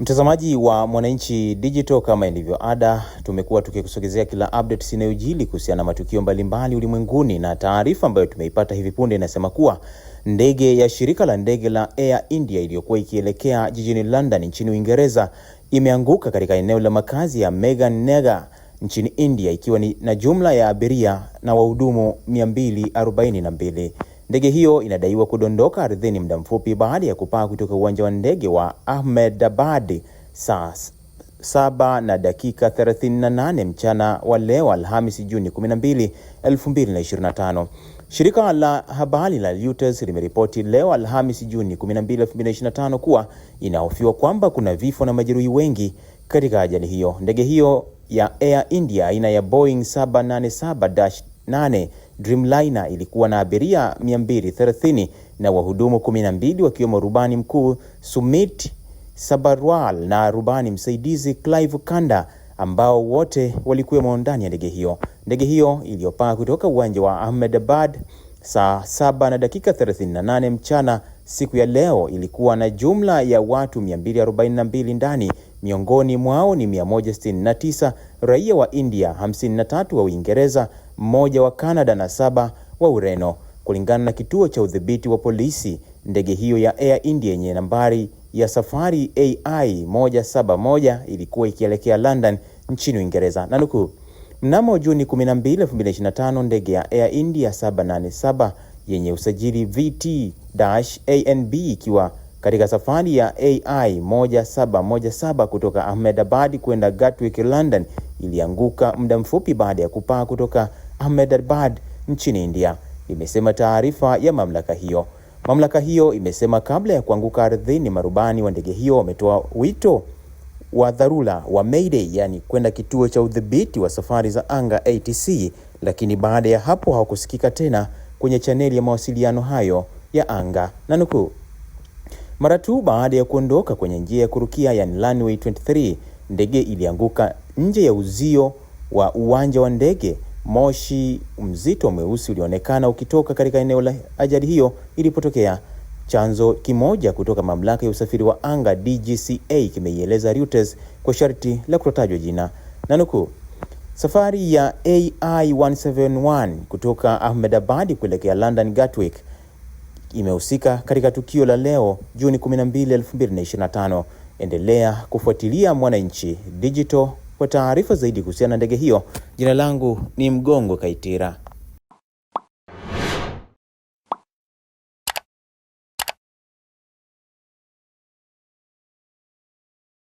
Mtazamaji wa Mwananchi Digital, kama ilivyo ada, tumekuwa tukikusogezea kila updates inayojili kuhusiana na matukio mbalimbali ulimwenguni, na taarifa ambayo tumeipata hivi punde inasema kuwa ndege ya shirika la ndege la Air India iliyokuwa ikielekea jijini London nchini Uingereza imeanguka katika eneo la makazi ya nega nchini India ikiwa ni na jumla ya abiria na wahudumu 242. Ndege hiyo inadaiwa kudondoka ardhini muda mfupi baada ya kupaa kutoka uwanja wa ndege wa Ahmedabad saa saba na dakika 38 mchana wa leo Alhamisi, Juni 12, 2025. Shirika la habari la Reuters limeripoti leo Alhamisi, Juni 12, 2025 kuwa inahofiwa kwamba kuna vifo na majeruhi wengi katika ajali hiyo. Ndege hiyo ya Air India aina ya Boeing 787-8 Dreamliner ilikuwa na abiria 230 na wahudumu 12 wakiwemo rubani mkuu Sumit Sabarwal na rubani msaidizi Clive Kanda ambao wote walikuwemo ndani ya ndege hiyo. Ndege hiyo iliyopaa kutoka uwanja wa Ahmedabad saa 7 na dakika 38 mchana siku ya leo ilikuwa na jumla ya watu 242 ndani, miongoni mwao ni 169 raia wa India, 53 wa Uingereza mmoja wa Canada na saba wa Ureno, kulingana na kituo cha udhibiti wa polisi. Ndege hiyo ya Air India yenye nambari ya safari AI 171 ilikuwa ikielekea London nchini Uingereza na nukuu, mnamo Juni 12, 2025 ndege ya Air India 787 yenye usajili VT-ANB ikiwa katika safari ya AI 1717 kutoka Ahmedabad kwenda Gatwick, London ilianguka muda mfupi baada ya kupaa kutoka Ahmedabad nchini India, imesema taarifa ya mamlaka hiyo. Mamlaka hiyo imesema kabla ya kuanguka ardhini, marubani wa ndege hiyo wametoa wito wa dharura wa mayday, yani kwenda kituo cha udhibiti wa safari za anga ATC, lakini baada ya hapo hawakusikika tena kwenye chaneli ya mawasiliano hayo ya anga na nukuu. Mara tu baada ya kuondoka kwenye njia ya kurukia yani runway 23, ndege ilianguka nje ya uzio wa uwanja wa ndege Moshi mzito mweusi ulionekana ukitoka katika eneo la ajali hiyo ilipotokea. Chanzo kimoja kutoka mamlaka ya usafiri wa anga DGCA kimeieleza Reuters kwa sharti la kutotajwa jina, na nukuu, safari ya AI 171 kutoka Ahmedabad kuelekea London Gatwick imehusika katika tukio la leo Juni 12, 2025. Endelea kufuatilia Mwananchi Digital kwa taarifa zaidi kuhusiana na ndege hiyo, jina langu ni Mgongo Kaitira.